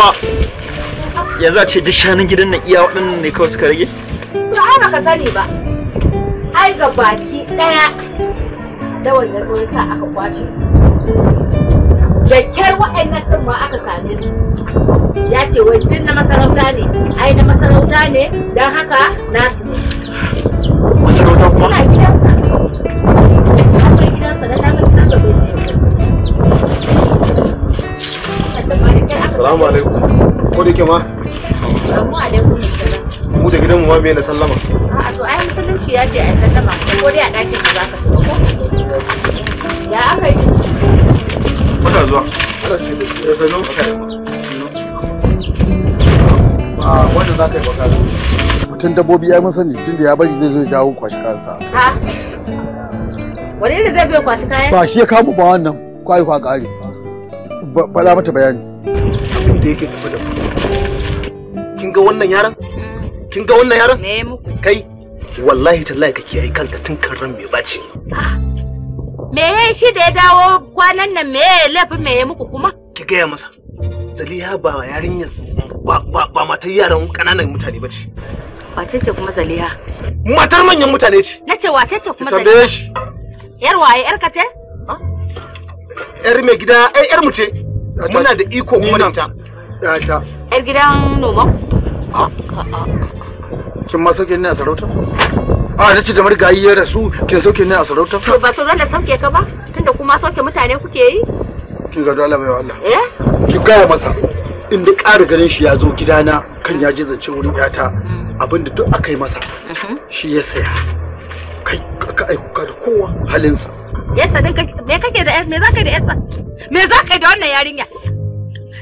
kuma yanzu a ce duk shanun gidan nan iya waɗannan ne kawai suka rage? Ba ai ka sani ba. Ai ga baki ɗaya da wannan ruwan aka kwashe. Jakkyar waɗannan ɗin ma aka same su. Ya ce wai duk na masarauta ne, ai na masarauta ne don haka su ne. Masarauta kuma? kuke ma? Mu da mu ma me na sallama. A'a to ai musulunci ya ce ai sallama ko dai a ɗakin ka zaka ko? Ya aka yi. Baka zuwa. Ya sanu aka yi. Ba wanda za ka yi baka zuwa. Mutum dabbobi ai mun sani da ya bari zai zo ya jawo kwashi kansa. Ha? Wani irin zai zo kwashi kayan? Ba shi ya kamu ba wannan kwayo kwa kare. Bala mata bayani. abin da yake tafi da ku kin ga wannan yaran? kin ga wannan yaron me muku kai wallahi tallahi kake yi kanka tun kan ran mai baci me yayi shi da ya dawo kwanan nan me yayi lafi me yayi muku kuma ki gaya masa zaliha ba yarinya ba ba matar yaran kananan mutane bace wace ce kuma zaliha matar manyan mutane ce Na ce wace ce kuma zaliha yar waye yar ka ce yar mai gida ai yar mu ce muna da iko kuma da ita ta yar gidan noma. kin ma sauke ni a sarauta a na ce da marigayi ya rasu kin sauke ni a sarauta to ba zan da sauke ka ba tunda kuma sauke mutane kuke yi kin ga dole mai Allah eh ki gaya masa in da ƙara ganin shi ya zo gidana kan ya je zance wurin yata mm. abinda duk aka yi masa mm-hmm. shi ya saya kai aka aikuka da kowa halinsa yasa din me kake da me zaka da yasa me zaka da wannan yarinya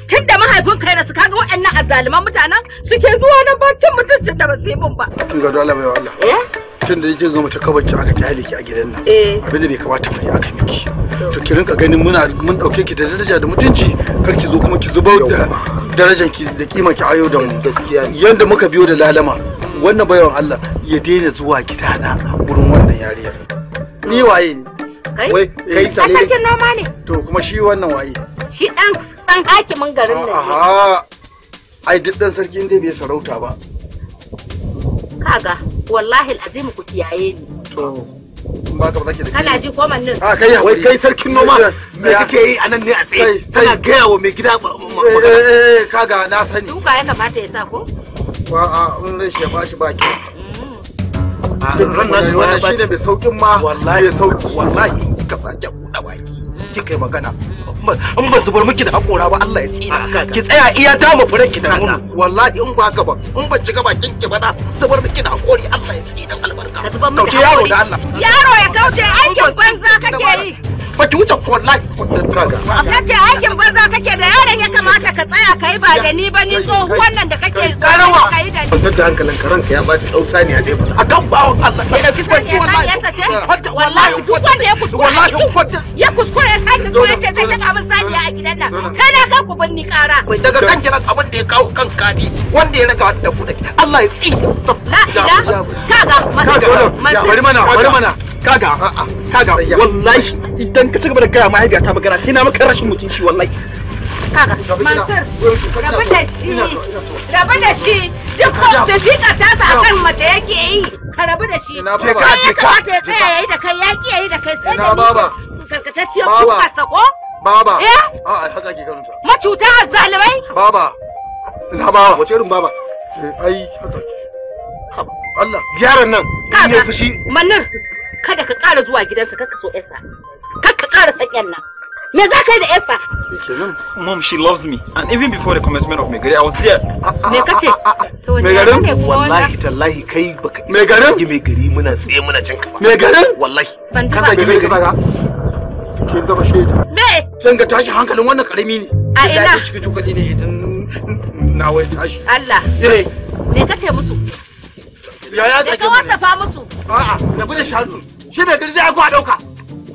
tun da mahaifin kai da su kaga waɗannan azzaluman mutanen suke zuwa nan ba mutuncin da ba su yi mun ba kin ga dole bai Allah tun da yake ga mace kabanci aka tayale ki a gidan nan eh. abin da bai kamata ba aka miki to ki rinka ganin muna mun dauke ki da daraja da mutunci kar ki zo kuma ki zubar da darajar ki da kima ki ayo da mu gaskiya yanda muka biyo da lalama wannan bayan Allah ya daina zuwa gidana wurin wannan yariyar ni waye Eh, kai? Wai, kai sale. Sarkin noma ne. To kuma shi wannan waye? Shi dan dan hakimin garin nan. Aha. Ai duk dan sarkin dai bai sarauta ba. Kaga, wallahi alazim ku kiyaye ni. To, ba ka ba zaki Kana ji koman nan. A ah, kai wai kai sarkin noma eh, me kake yi anan ne a tsaye? Kana gaya wa mai gida eh, eh, kaga na sani. Duka ya kamata ya sa ko? A'a, in rai shi ba bashi baki. Mm. Ah, ran nashi shi shine mai saukin ma wallahi sauki wallahi kika sake buɗe baki kika yi magana in ba zubar miki da hakora ba Allah ya tsira ki tsaya iya dama furen ki da nono wallahi in ba haka ba in ban shiga bakin ki ba da zubar miki da hakori Allah ya tsira albarka kauce yaro da Allah yaro ya kauce aikin banza kake yi ba ki wuce wallahi kaga nace aikin banza kake da yaron ya ba da ni ba ni tsohuwan wannan da kake karawa kai da ni kwantar da hankalin karanka ya baci dausa ne a dai a kan bawon Allah kai da kiskon ki wallahi wallahi duk wanda ya kuskure wallahi duk wanda ya kuskure ya sai ka koyar ta zai abin saniya a gidan nan kai na kan ku binni kara daga kan kiran abin da ya kawo kan kadi wanda ya raka da ku Allah ya tsi la ila kaga kaga bari mana bari mana kaga kaga wallahi idan ka ci gaba da gaya mahaifiyata magana sai na maka rashin mutunci wallahi kaga mansur rabu da shi rabu da shi duk da fika tasa kan mace yake yi ka rabu da shi kai ya kamata ya tsaya yayi da kai ya ki yayi da kai sai da ni karkatacciya kuka sako baba eh a haka ke karanta macuta zalimai baba ina baba wace irin baba eh, ai haka Allah yaran nan kaga Manar, kada ka ƙara zuwa gidansa kaka so yarsa kaka ƙara sakin nan Me za ka yi da efa Mom, she loves me. And even before the commencement of megare I was there. Me ka ce? Megarin? Wallahi, tallahi, kai baka isa. Megarin? Ki megare muna tsaye muna cin kafa. Megarin? Wallahi. Ban ta ba. Ka ke da shaida. Me? Kin ga tashi hankalin wannan karami ne. A ina? Ina cikin cokali ne idan na wai tashi. Allah. Eh. Me ka ce musu? ya zaki? ka ka fa musu? A'a, ya da shanu. Shi Megari zai ku a dauka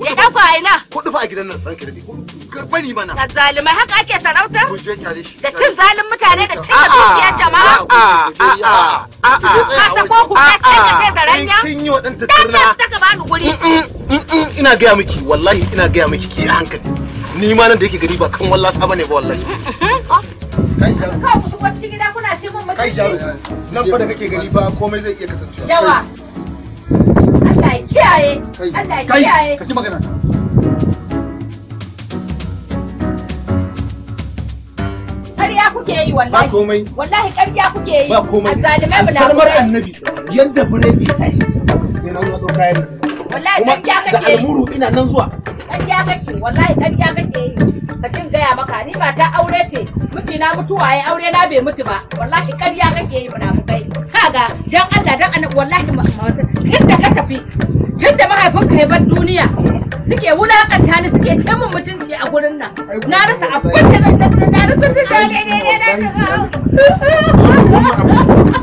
Ya ɗauka a ina. Kuɗi fa a gidan nan ɗan mana. Da zalimai haka ake sarauta? Ku je kyale shi. Da cin zalin mutane da cin dukiyar jama'a. A'a a'a Ka sako ka ce ka ce zaranya. Kin yi waɗanta sirna. Da ka Ina gaya miki wallahi ina gaya miki ki hankali. Ni ma nan da yake gari ba kan wallasa bane ba wallahi. Kai Ka ku shigo cikin gida kuna ce mun mutunci. Kai Nan fa da kake gari ba komai zai iya kasancewa. Yawa. Allah ka ji magana kuke yi wallahi ba komai wallahi ƙarya kuke yi ba komai azzalimai mu na annabi yadda bureki tashi sai na yi almuru ina nan zuwa ƙarya kake wallahi ƙarya kake yi ka cin gaya maka ni ba ta aure ce miji na mutu waye aure na bai mutu ba wallahi ƙarya kake yi muna mukai kaga dan Allah dan annabi wallahi tun da ka tafi tun da mahaifinka ya bar duniya suke wulakanta ni suke ce min mutunci a gurin nan na rasa abin da na rasa da ne ne ne na